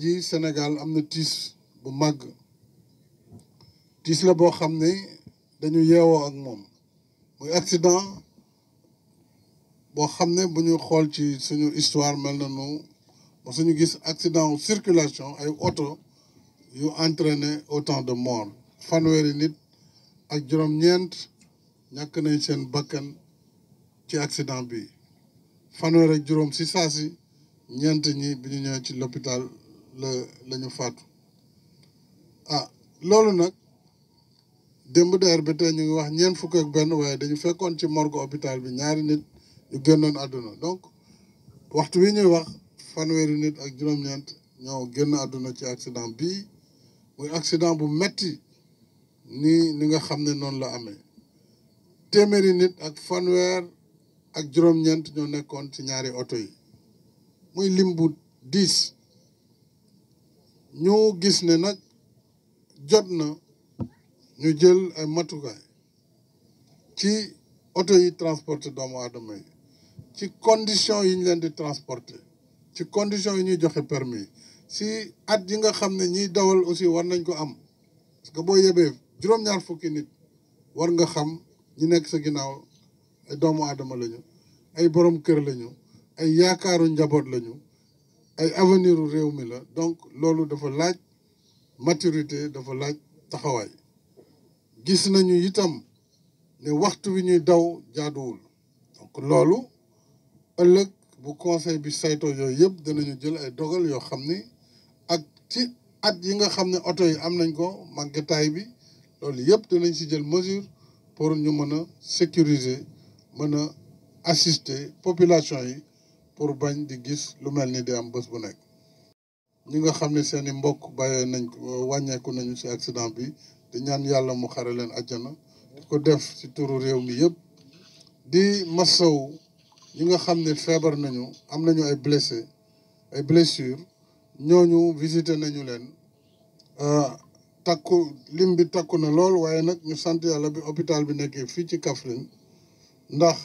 tey Sénégal amna na bu mag tiis la bo xamné ne dañu yéwo ak mom muy accident bo xamné ne xol ci suñu histoire mel nañu nu suñu gis accident circulation ay auto yu entraîné autant de morts fanweeri nit ak juróom ñent ñak nañ seen bakkan ci accident bi fanweer ak juróom si ñeent ñi bi ñu ñëwee ci l'hôpital la la ñu faatu ah loolu nag démb deer bi ñu ngi wax ñeent fukk benn waaye dañu fekkoon ci morgo hôpital bi ñaari nit ñu génnoon àdduna donc waxtu wi ñuy wax fanweeri nit ak juróom-ñeent ñoo génn àdduna ci accident bii muy accident bu metti ni ni nga xam ne noonu la amee téeméeri nit ak fanweer ak juróom-ñeent ñoo nekkoon ci ñaari oto yi muy limbu dis nyu gis ne nak jotna ñu jël ay matukaay ci oto yi transporter doomu aadama yi ci condition yi ñu leen di transporter ci condition yi ñu joxe permis si at yi nga xamne ñi dawal aussi war nañ ko am parce que boo yebé juroom ñaar fukki nit war nga xam ñi nekk sa ginaaw ay doomu adama lañu ay borom kër lañu ay yaakaaru njaboot lañu ay avenir réew mi la donc loolu dafa laaj maturité dafa laaj taxawaay gis nañu itam ne waxtu wi ñuy daw jaaduwul donc loolu ëllëg bu conseil bi saytoo yooyu yëpp dinañu jël ay dogal yoo xam ni ak ci at yi nga xam ne oto yi am nañ ko màggataay bi loolu yëpp dinañ si jël mesure pour ñu mën a sécuriser mën a assister population yi pour bañ di gis lu mel ni di am bés bu nekk ñi nga xam ne seen i mbokk bàyyee nañ wàññeeku nañu ci accident bi di ñaan yàlla mu xare leen àjjana di ko def ci turu réew mi yëpp di masaw ñi nga xam ne feebar nañu am nañu ay blessé ay blessure ñooñu visité nañu leen euh, takku lim bi takku na lool waaye nag ñu sant yàlla bi hôpital bi nekkee fii ci Kaffrine ndax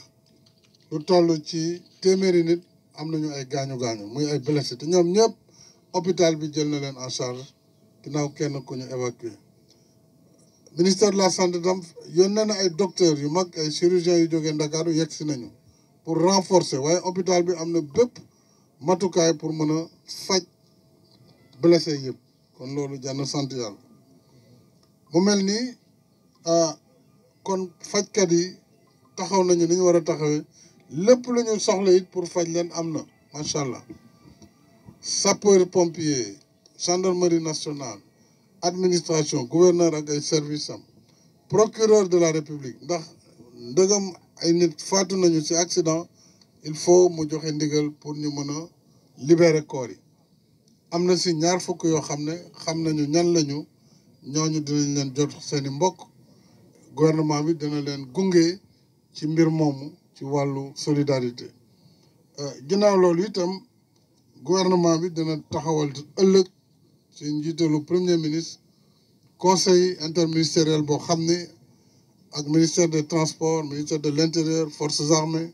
lu toll ci téeméeri nit am nañu ay gaañu gaañu muy ay blessé te ñoom ñëpp hôpital bi jël na leen en charge ginnaaw kenn ku ñu évacué ministère la sant tam yónnee na na ay docteurs yu mag ay chirurgiens yu jógee Ndakaaru yegg si nañu pour renforcer waaye hôpital bi am na bépp matukaay pour mën a faj blessé yëpp kon loolu jànn sant yàlla mu mel ni ah, kon fajkat yi taxaw nañu ni ñu war a taxawee lépp lu ñu soxla it pour faj leen am na macha allah sapeur pompier gendarmerie nationale administration gouverneur ak ay service am procureur de la république ndax ndëgam ay nit faatu nañu ci accident il faut mu joxe ndigal pour ñu mën a libérer corps yi am na si ñaar fukk yoo xam ne xam nañu ñan lañu ñooñu dinañ leen jot seeni mbokk gouvernement bi dina leen gunge ci mbir moomu ci walu solidarité euh, ginaaw loolu itam gouvernement bi dana taxawal ëllëg ci njiitalu premier ministre conseil interministériel boo xam ne ak ministère des transports ministère de l'intérieur forces armées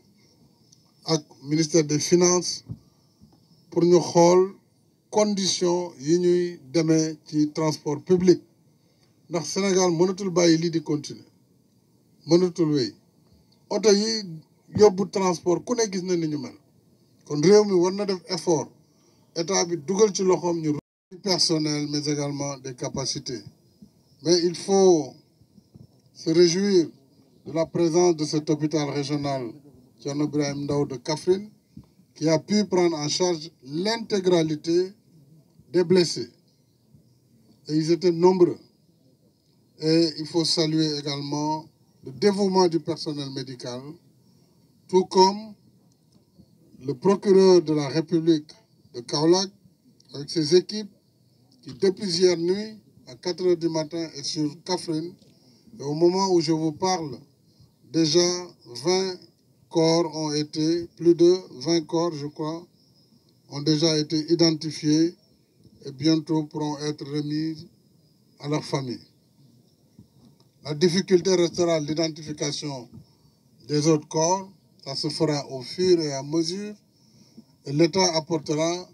ak ministère des finances pour ñu xool conditions yi ñuy demee ci transport public ndax Sénégal mënatul bàyyi lii di continuer mënatul wéy oto yi il transport a ne gis ñu mel kon def effort état bi personnel mais également des capacités mais il faut se réjouir de la présence de cet hôpital régional de qui a pu prendre en charge l'intégralité des blessés et ils étaient nombreux et il faut saluer également le dévouement du personnel médical tout comme le procureur de la République de Kaolak avec ses équipes qui, depuis plusieurs nuits, à 4 h du matin, est sur Kafrine. Et au moment où je vous parle, déjà 20 corps ont été, plus de 20 corps, je crois, ont déjà été identifiés et bientôt pourront être remis à leur famille. La difficulté restera l'identification des autres corps, ça se fera au fur et à mesure. Et l'État apportera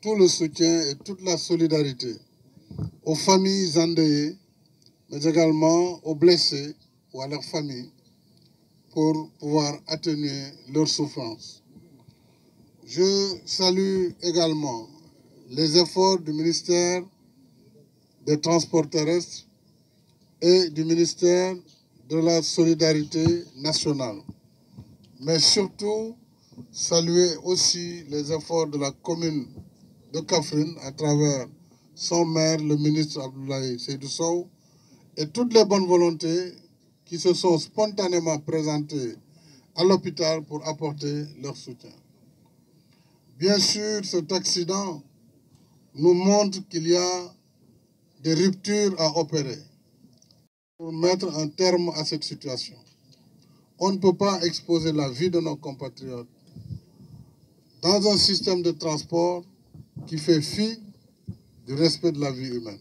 tout le soutien et toute la solidarité aux familles endeuillées, mais également aux blessés ou à leurs familles pour pouvoir atténuer leurs souffrances. Je salue également les efforts du ministère des Transports terrestres et du ministère de la Solidarité nationale mais surtout saluer aussi les efforts de la commune de Kafrine à travers son maire, le ministre Abdoulaye Seydou et toutes les bonnes volontés qui se sont spontanément présentées à l'hôpital pour apporter leur soutien. Bien sûr, cet accident nous montre qu'il y a des ruptures à opérer pour mettre un terme à cette situation. On ne peut pas exposer la vie de nos compatriotes dans un système de transport qui fait fi du respect de la vie humaine.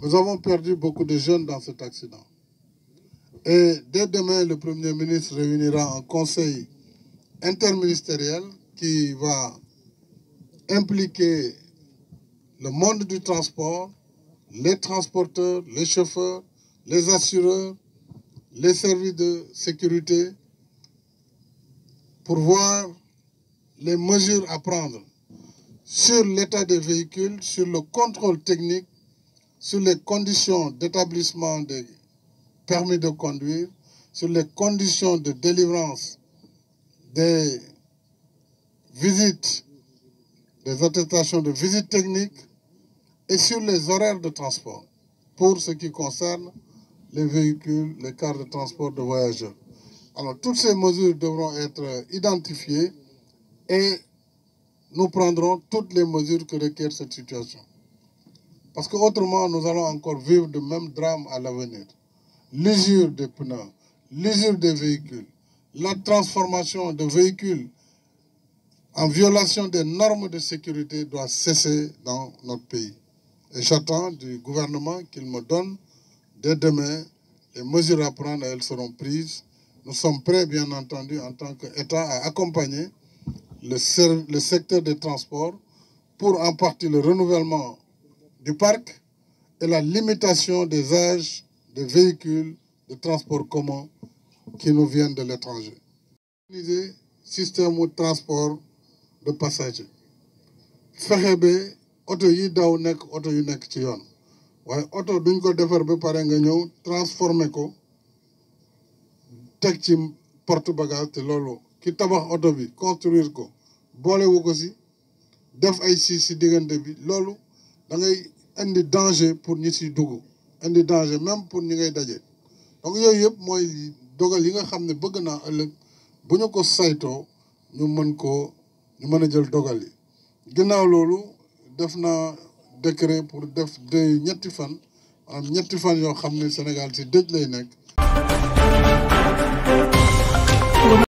Nous avons perdu beaucoup de jeunes dans cet accident. Et dès demain, le Premier ministre réunira un conseil interministériel qui va impliquer le monde du transport, les transporteurs, les chauffeurs, les assureurs, les services de sécurité pour voir les mesures à prendre sur l'état des véhicules, sur le contrôle technique, sur les conditions d'établissement des permis de conduire, sur les conditions de délivrance des visites, des attestations de visite technique et sur les horaires de transport pour ce qui concerne les véhicules, les cars de transport de voyageurs. Alors toutes ces mesures devront être identifiées et nous prendrons toutes les mesures que requiert cette situation. Parce qu'autrement, nous allons encore vivre de même drame à l'avenir. L'usure des pneus, l'usure des véhicules, la transformation de véhicules en violation des normes de sécurité doit cesser dans notre pays. Et j'attends du gouvernement qu'il me donne Dès demain, les mesures à prendre, elles seront prises. Nous sommes prêts, bien entendu, en tant qu'État, à accompagner le, secteur des transports pour en partie le renouvellement du parc et la limitation des âges des véhicules de transport commun qui nous viennent de l'étranger. système de transport de passagers. waaye oto duñ ko defar ba pare nga ñëw transformer ko teg ci porte bagage te loolu ki tabax oto bi construire ko boolewu ko si def ay siis si diggante bi loolu da ngay indi danger pour ñu si dugg indi danger même pour ñu ngay daje donc yooyu yëpp mooy dogal yi nga xam ne bëgg naa ëllëg bu ñu ko saytoo ñu mën ko ñu mën a jël dogal yi ginnaaw loolu def naa décret pour def deuil ñetti fan am ñetti fan yoo xamné Sénégal ci dëj lay nekk